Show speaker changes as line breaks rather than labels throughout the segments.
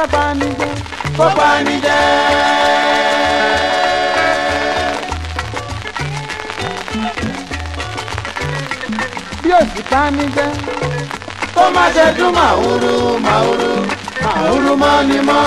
fẹ́ bá ní jẹ́ kó bá ní jẹ́. bí òsì bá ní jẹ́. ṣe dún màhúrú màhúrú màhúrú mọ́ mọ́.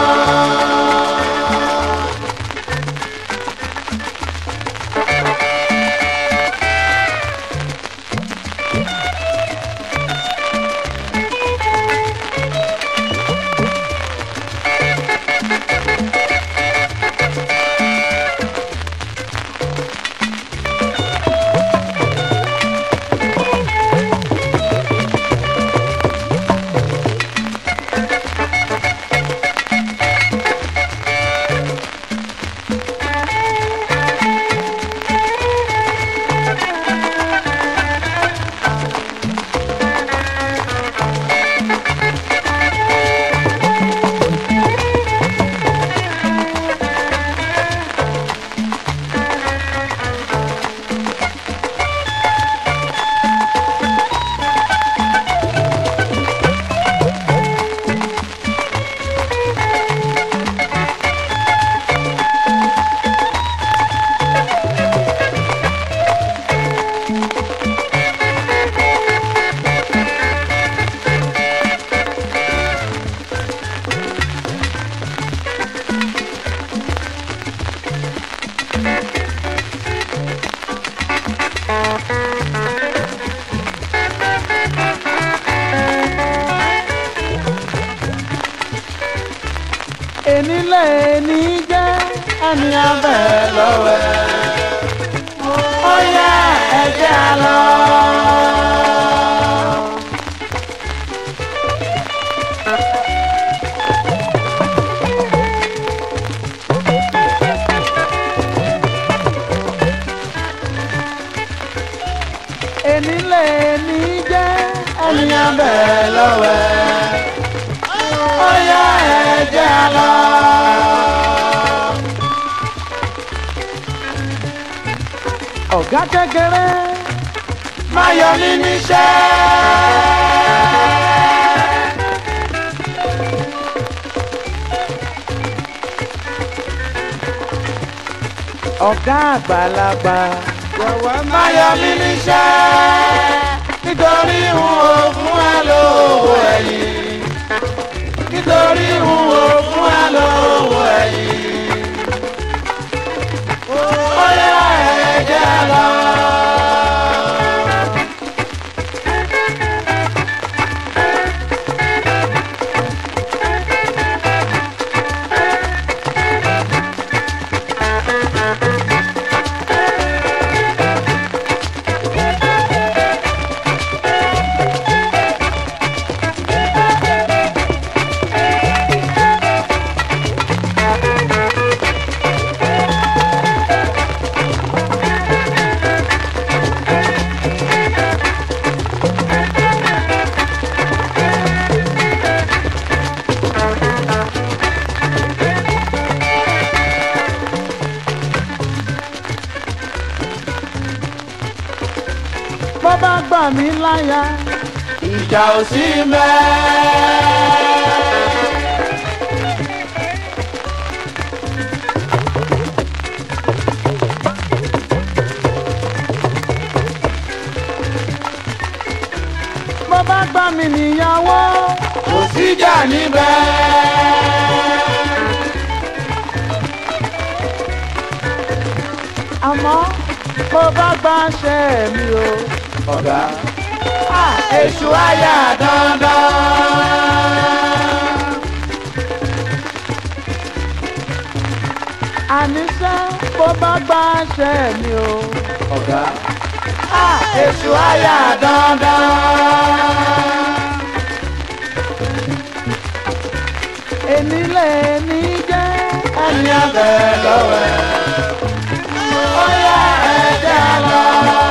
èní lẹ́ẹ̀ni jẹ́ ẹni abẹ́ lọ́wẹ́ ó yá ẹ̀jẹ̀ lọ. èní lẹ́ẹ̀ni jẹ́ ẹni abẹ́ lọ́wẹ́ ọ̀gá kékeré má yọ mí níṣẹ́. ọ̀gá àgbàlagbà jọ̀wọ́ má yọ mí níṣẹ́ nítorí n ò fún ẹ lówó ẹ̀yìn nítorí n ò fún ẹ lówó ẹ̀yìn. kó bá gbàṣẹ́ mi o ọ̀gá. èṣù àyà dandan. àníṣe kó bá gbàṣẹ́ mi o ọ̀gá. èṣù àyà dandan. nílé ní jẹ́. ẹni abẹ lọ́wẹ́. ẹ. la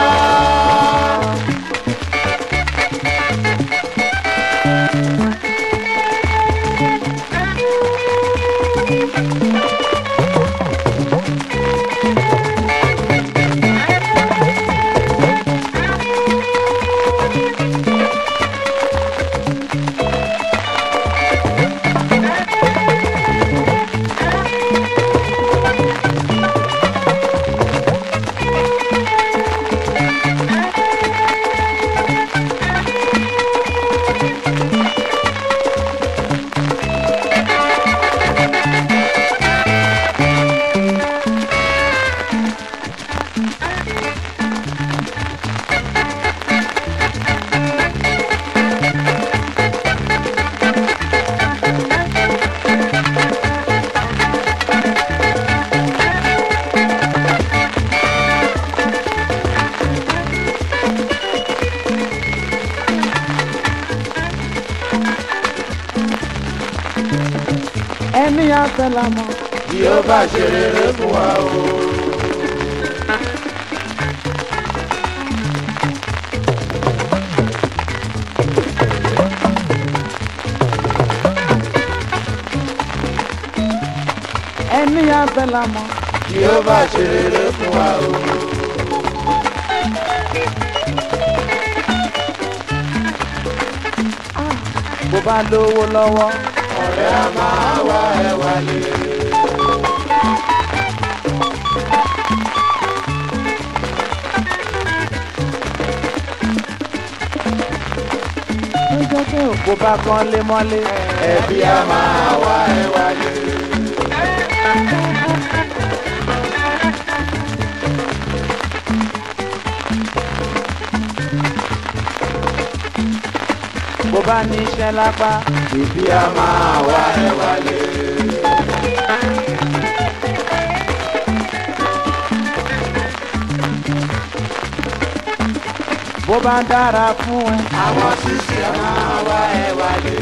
lówó lọ́wọ́. ọ̀rẹ́ a máa wá ẹ wálé. lọ́jọ́ tí òkú bá kan lé ẹbí a máa wá ẹ wálé. bó bá níṣẹ́ lápá ìbí a máa wá ẹ wálé. bó bá dára fún ẹ àwọn ṣíṣe a máa wá ẹ wálé.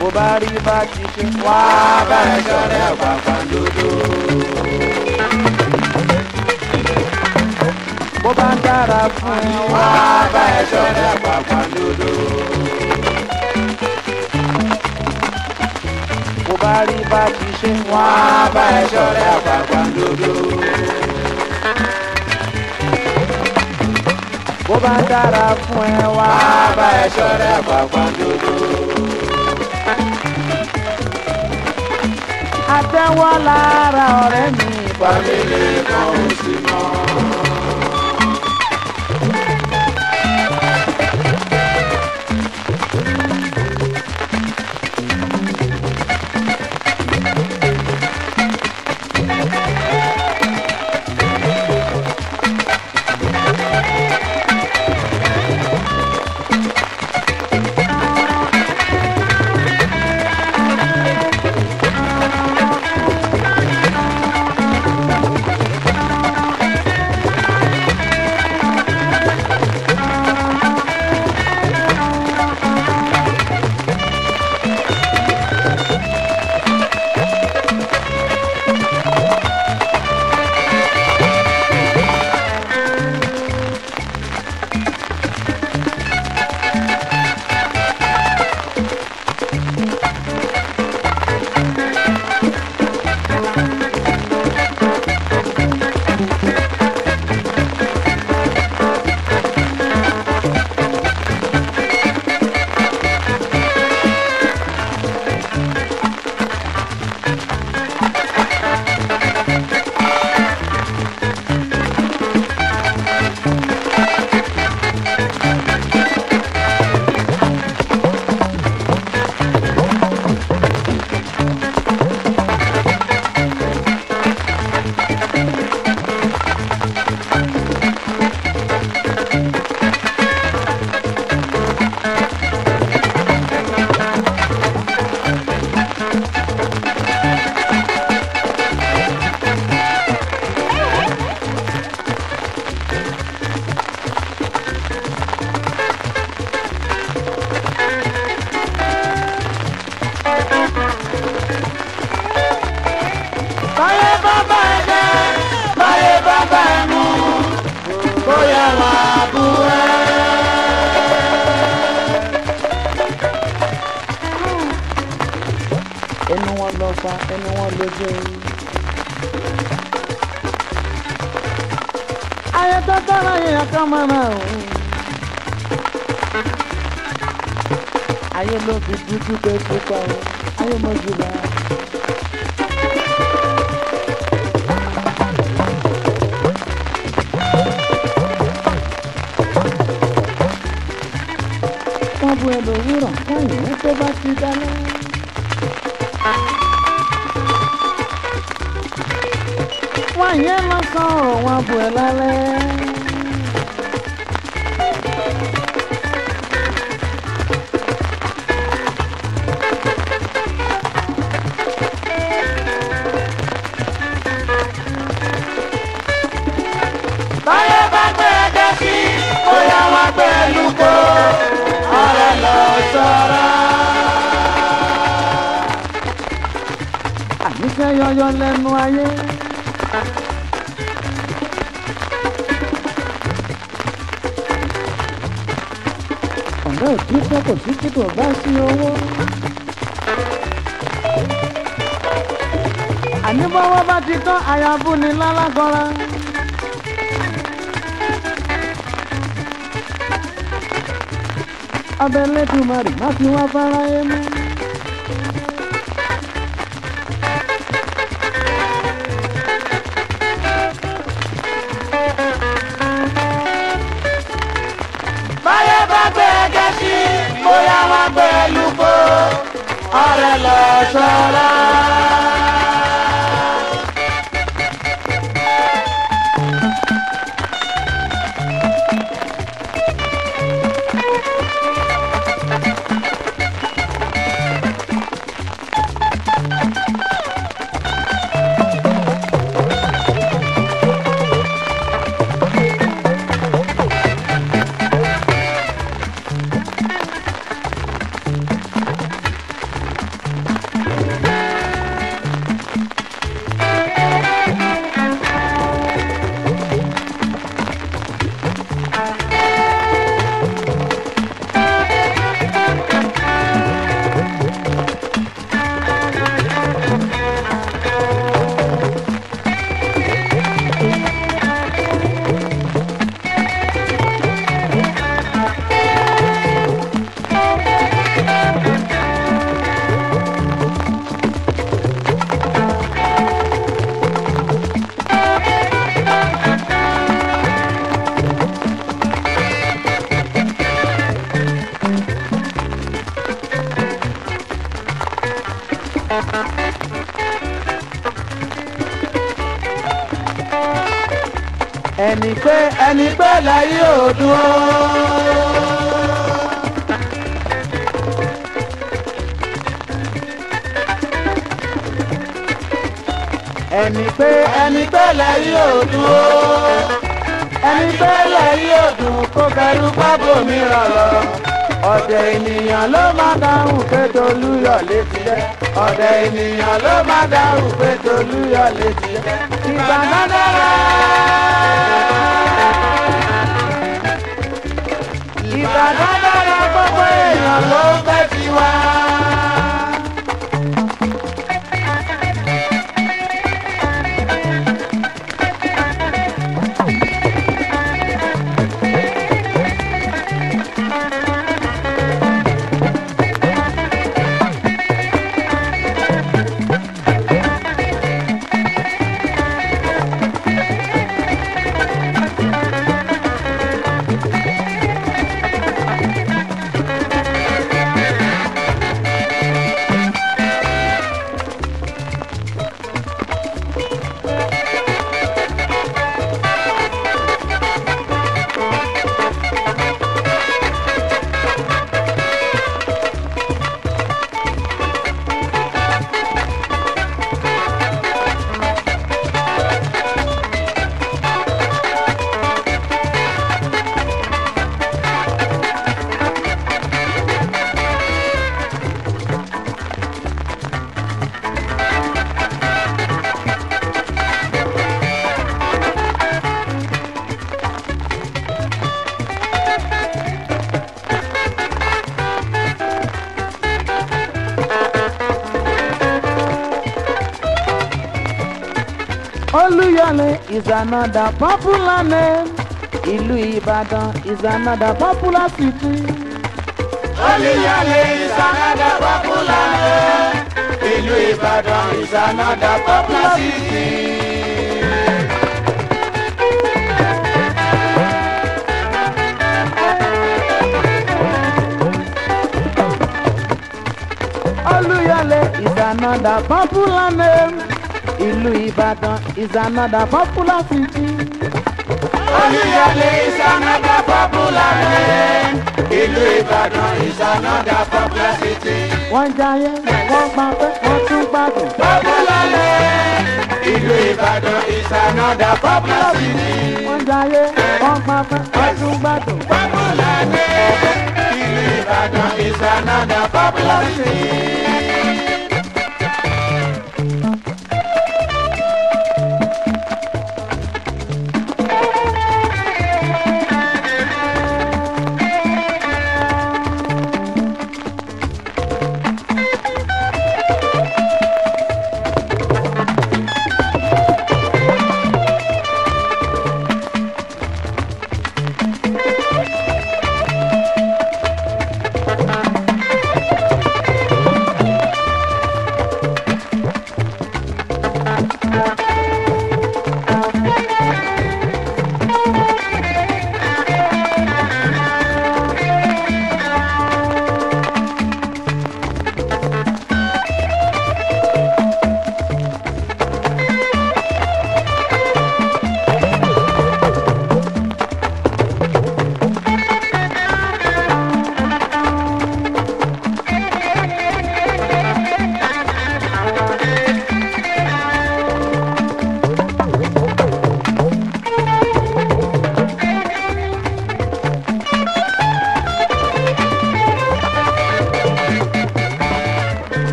bó bá rí bá ti ṣe wá bá ẹ ṣọ̀rẹ́ pàpà lóde. dára fún ẹ. wá bá ẹ ṣọ̀rẹ́ pàpà dodo. kò bá rí bá ti ṣe. wá bá ẹ ṣọ̀rẹ́ pàpà dodo. bó bá dára fún ẹ wá bá ẹ ṣọ̀rẹ́ pàpà dodo. àtẹ́wọ́ lára ọ̀rẹ́ mi. fàmílì kan ò. ọba ẹnu wọn lójú ẹyin. ayẹtọ́ tọ́lá yẹn ká máa máa hùn. ayé ló fi dúdú pé púpọ̀ ayé mọ̀ jù lọ. wọ́n bu ẹlòmíràn fún ìwé tó bá ti dáná. àwọn yẹn máa sọ ọ̀rọ̀ wọn bù ẹ́ lálẹ́. báyé bá gbé ẹjẹ sí yo yo gbé ẹlú kó ọ̀rẹ́ lọ sọ́ra. àníṣe yọyọ lẹ́nu ayé. bàbá òkìkọ́ kò sí tí kò bá sí owó. àní bọ́wọ́ bá ti tán aya búni lálágọ́ra. abẹ́lẹ́dùmarè má fi wá fara ẹ mú. dúró. ẹni pé ẹni pé lẹ́yìn òdùn o ẹni pé lẹ́yìn òdùn kó fẹ́rú pábò mi rọ̀rọ̀ ọ̀dẹ̀ ènìyàn ló máa dáhùn pé tolúyọ̀ létí jẹ́ ọ̀dẹ̀ ènìyàn ló máa dáhùn pé tolúyọ̀ létí jẹ́ ìgbà náà dára. Ìbàdàn dára gbogbo èèyàn ló fẹ́ fi wá. another popular name. Ìlú Ìbàdàn is another popular city. Olúyọ̀lé is another popular name. Ìlú Ìbàdàn is another popular city. Olúyọ̀lé is another popular name ìlú Ìbàdàn is another popular city. Olúyọ̀lé is another popular name. Ìlú Ìbàdàn is another popular city. Wọ́n jayé, wọ́n gbafẹ́, wọ́n tún gbádùn. Popular name. Ìlú Ìbàdàn is another popular city. Wọ́n jayé, wọ́n gbafẹ́, wọ́n tún gbádùn. Popular name. Ìlú Ìbàdàn is another popular city.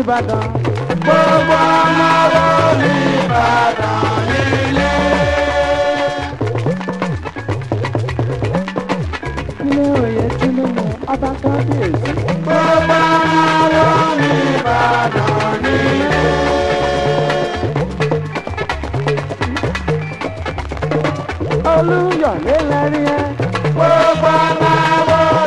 nìbàdàn. gbogbo ọmọ ló nìbàdàn nílé. ilé òye olùyọ̀lé lẹ́rí ẹ. gbogbo ọmọ ló.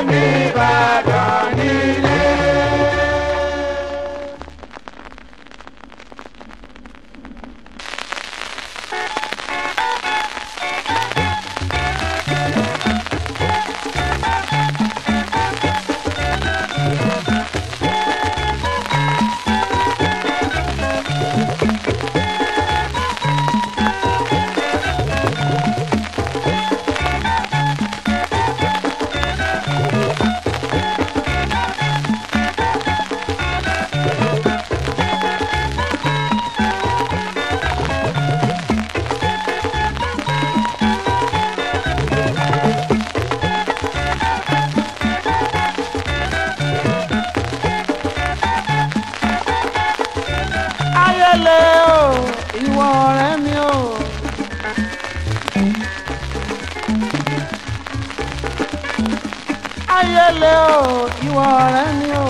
lélẹ̀ o ìwọ ọ̀rẹ́ ni o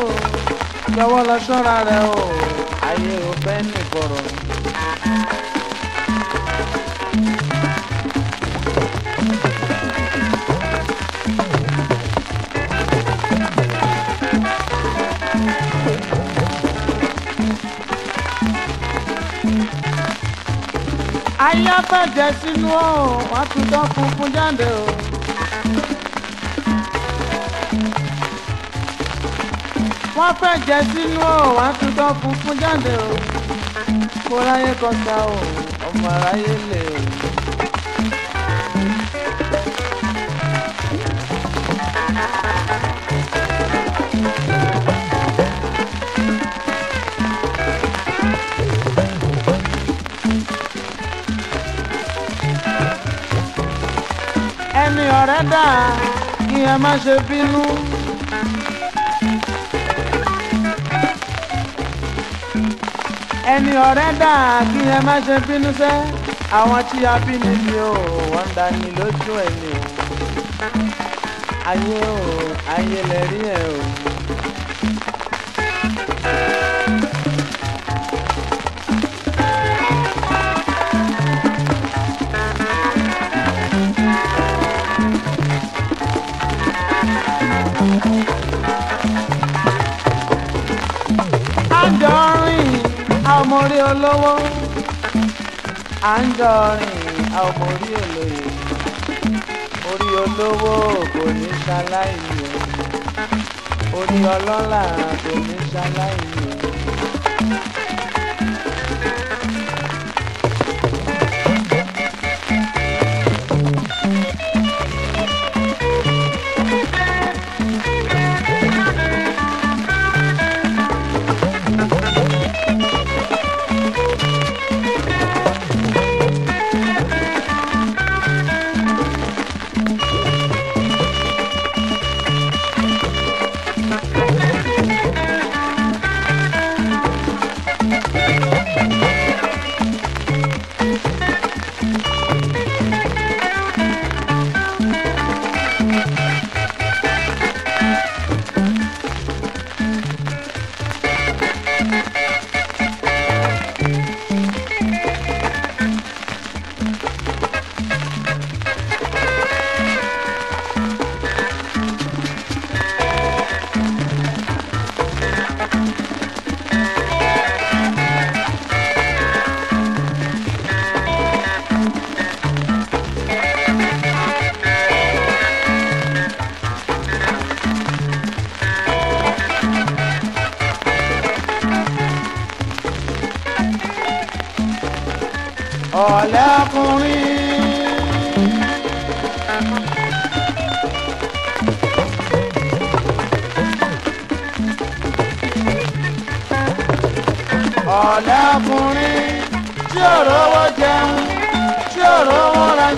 jọ̀wọ́ lọ ṣọ́ra rẹ o ayé o fẹ́ nìkọ̀rọ̀. ayé afẹ́ jẹ́ sínú o wọ́n tún dán funfun jáde o. wọ́n fẹ́ jẹ sínú ò wá tutọ́ funfun jáde o kó ráyé kọta o ọmọ aráyé lè o. ẹni ọ̀rẹ́ dà kí ẹ má ṣe bínú. ẹni ọ̀rẹ́ dà kí ẹ má ṣe bínú sẹ́ àwọn tí a bí ni mi ò wọ́n dání lójú ẹ̀mí o ayé o ayé lè rí ẹ o. orí olówó à ń jọ rìn ọmọ orí olóyè orí olówó kò ní ṣaláìyé orí ọlọ́lá kò ní ṣaláìyé.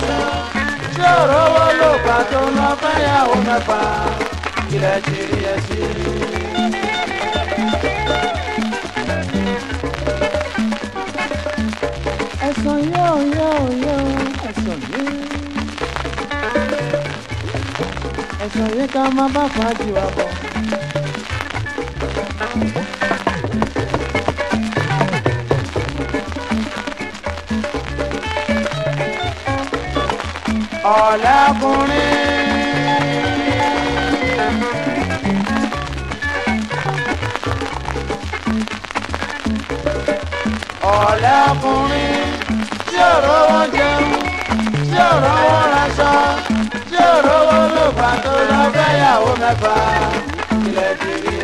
lásán tí ọ̀rọ̀ wọ́n lò bá tó ń lọ fẹ́yàwó mẹ́fà ilẹ̀ ti rí ẹ sí i. ẹ̀sán yóò yóò yóò ẹ̀sán yóò. ẹ̀sán yìí ká má bá fàájì wa bọ̀. ọ̀làkùnrin. ọ̀làkùnrin tí ọ̀rọ̀ wọn jẹun tí ọ̀rọ̀ wọn raṣọ tí ọ̀rọ̀ wọn lò pàtó lọ mẹ́fà ilẹ̀ tìrì.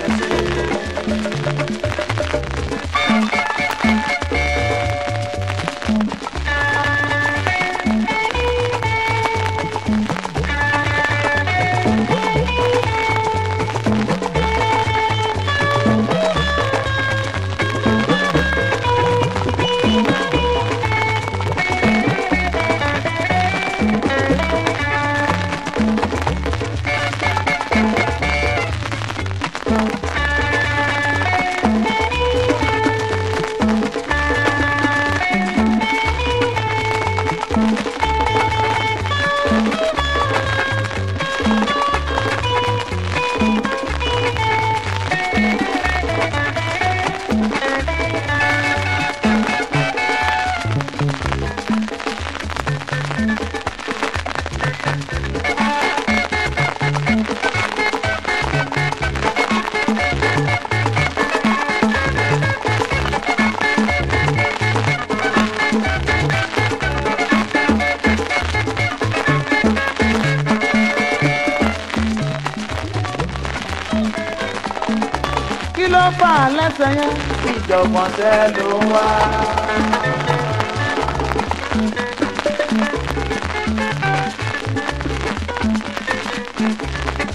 àṣẹ ló wá.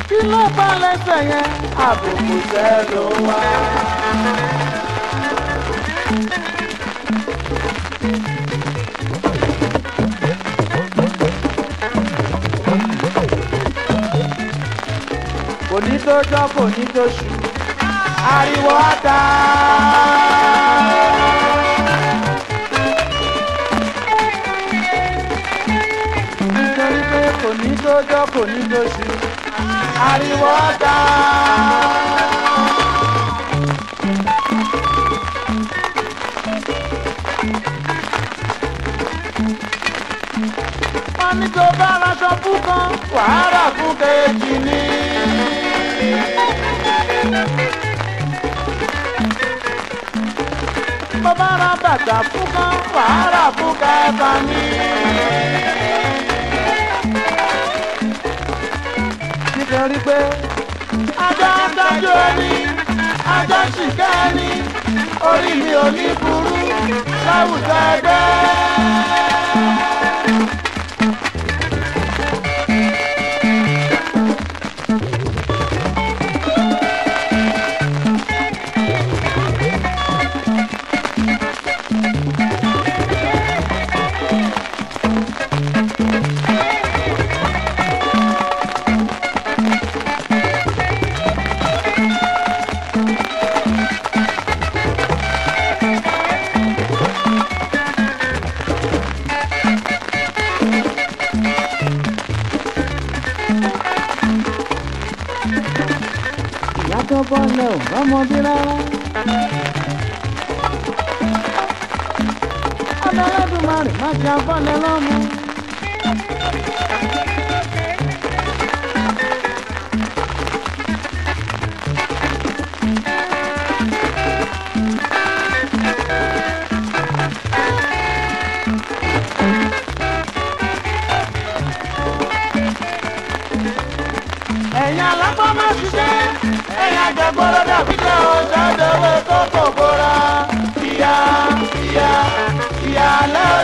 kí ló bá lẹ́sẹ̀ yẹn àbùkù ṣẹ́ wá. kò ní tó jọ́ kò ní tó ṣù ariwo ata. nítorí pé kò ní dójọ́ kò ní dóṣù ariwo ata. wọ́n ní tó bá aṣọ fún kan wàhálà fún kejì ni. mo bá ra bàtà fúnká wàhálà fúnká ẹ̀fà mi. nítorí pé ajá dájú ẹni ajá ṣìkẹ́ ẹni orí mi ò ní burú láwùjọ ẹgbẹ́. love.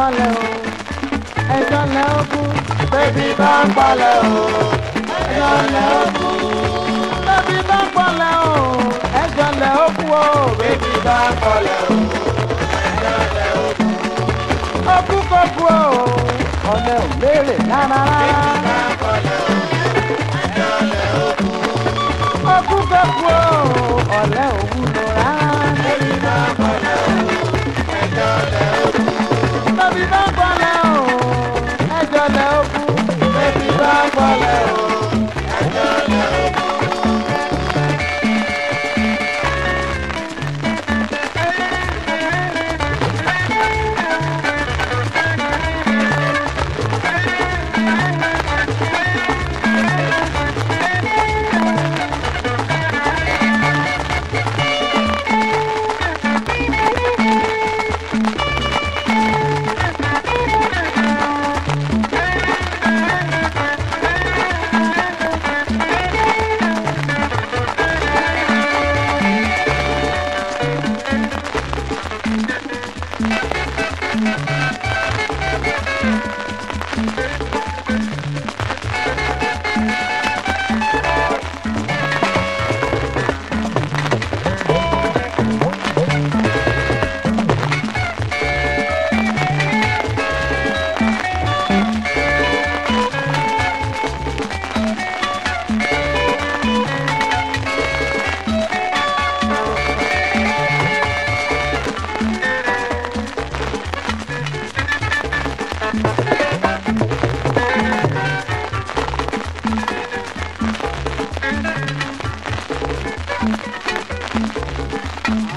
palẹ̀ o ẹjọ́ lẹ ó kú. bébí bá ń palẹ̀ o ẹjọ́ lẹ ó kú. bébí bá ń palẹ̀ o ẹjọ́ lẹ ó kú o. bébí bá ń palẹ̀ o ẹjọ́ lẹ ó kú. ó kú kó kú o ọ̀lẹ ò léèrè rárá. bébí bá ń palẹ̀ o ẹjọ́ lẹ ó kú. ó kú kó kú o ọ̀lẹ ò wúlò. bẹ́bí bá ń pọlẹ̀ o ẹjọ́ lẹ́ òkú bẹ́bí bá ń pọlẹ̀ o.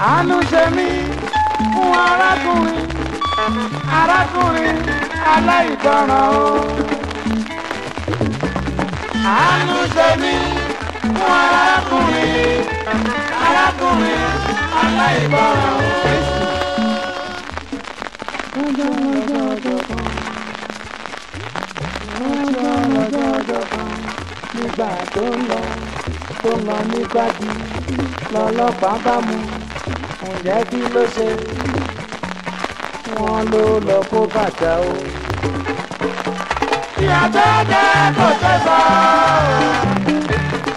àánú ṣe mí fún arákùnrin arákùnrin aláìgbọràn o. àánú ṣe mí fún arákùnrin arákùnrin aláìgbọràn o. ọjọ́ ọjọ́ ọjọ́ kan ọjọ́ ọjọ́ ọjọ́ kan nígbà tó lọ tó lọ nígbàdí lọ́lọ́pàá bá mú ǹjẹ́ kí ló ṣe wọ́n ló lọ kó bàtà o. ìyá tó jẹ́ kò ṣe sọ.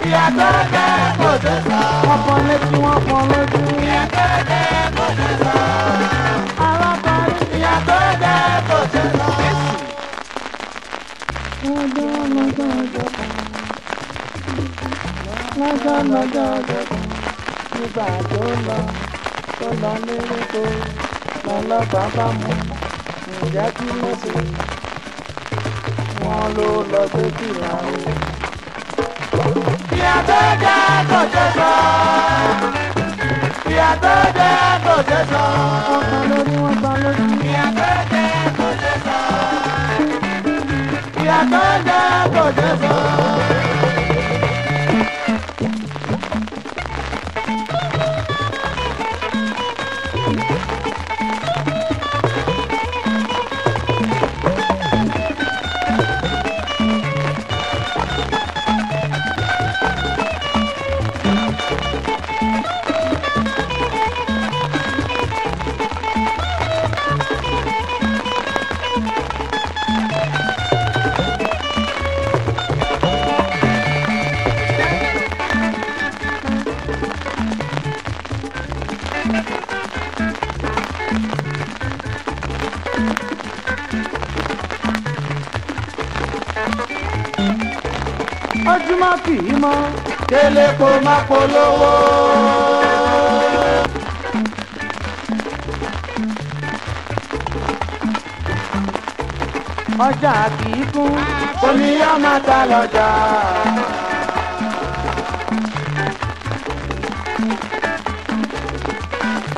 ìyá tó jẹ́ kò ṣe sọ. wọ́n pọn létí wọ́n pọn lójú. ìyá tó kò ṣe sọ. alábàárù. ìyá tó kò ṣe sọ. lọ́jọ́ lọ́jọ́ ọjọ́ kan lọ́jọ́ lọ́jọ́ ọjọ́ kan nígbà tó lọ tó lọ léréko lọ́lọ́pàá bá mú ǹjẹ́ kí ló ṣe wọ́n ló lọ gbé kìlà o. ìyá tó kò jẹ́ sọ. ìyá tó kò jẹ́ sọ. wọ́n pa lórí wọ́n pa lórí. ìyá tó kò jẹ́ sọ. ìyá tó kò jẹ́ sọ. kó má polówó. ọjà kì í kún oníyá máa ta lọ́jà.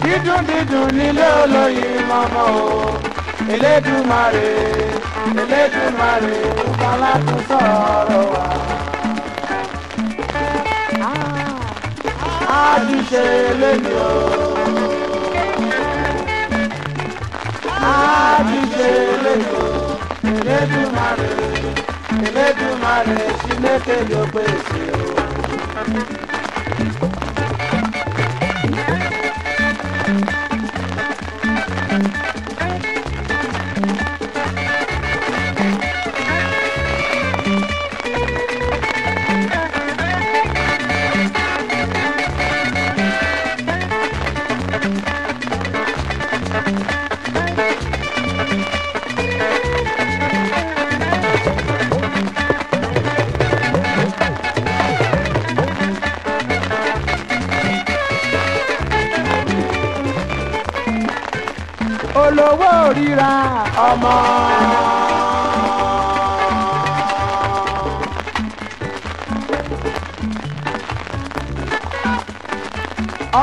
dídùn dídùn nílé olóyin mọ́mọ́ o Elédùmarè Elédùmarè ó bá látún sọ̀rọ̀ wá. àtúnṣe lẹ́nu o. àtúnṣe lẹ́nu o. Elédùmarè Elédùmarè Chineke ló pèsè o. olówó ríra ọmọ.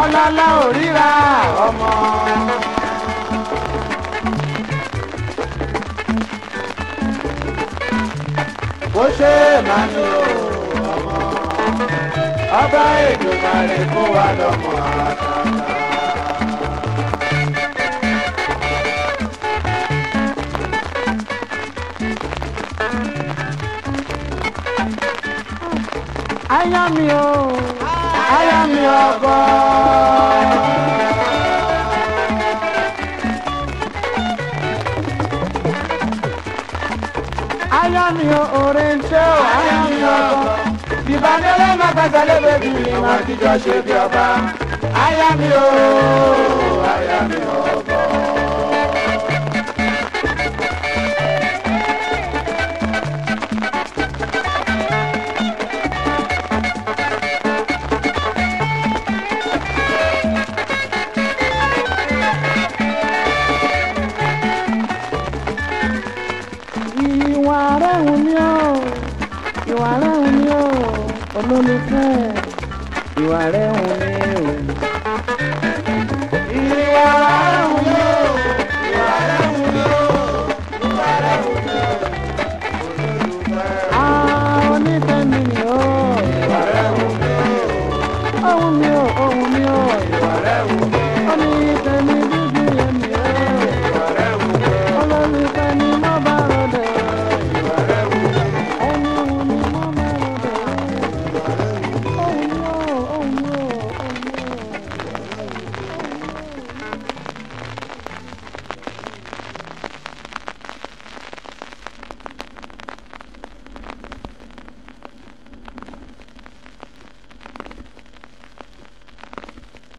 ọlọ́lá ò ríra ọmọ. bó ṣe máa ní ọmọ ọba èdè máa rè kó wa lọ́mọ. àyà mi o àyà mi ọkọ. àyà mi o òrèǹtẹ́ o àyà mi ọkọ. ìbánilẹ́ máa gbàgbà lébèbí ni wọ́n ti jọ ṣe bí ọba. àyà mi o àyà mi o. mi fẹ́ ìwà rẹ̀ ń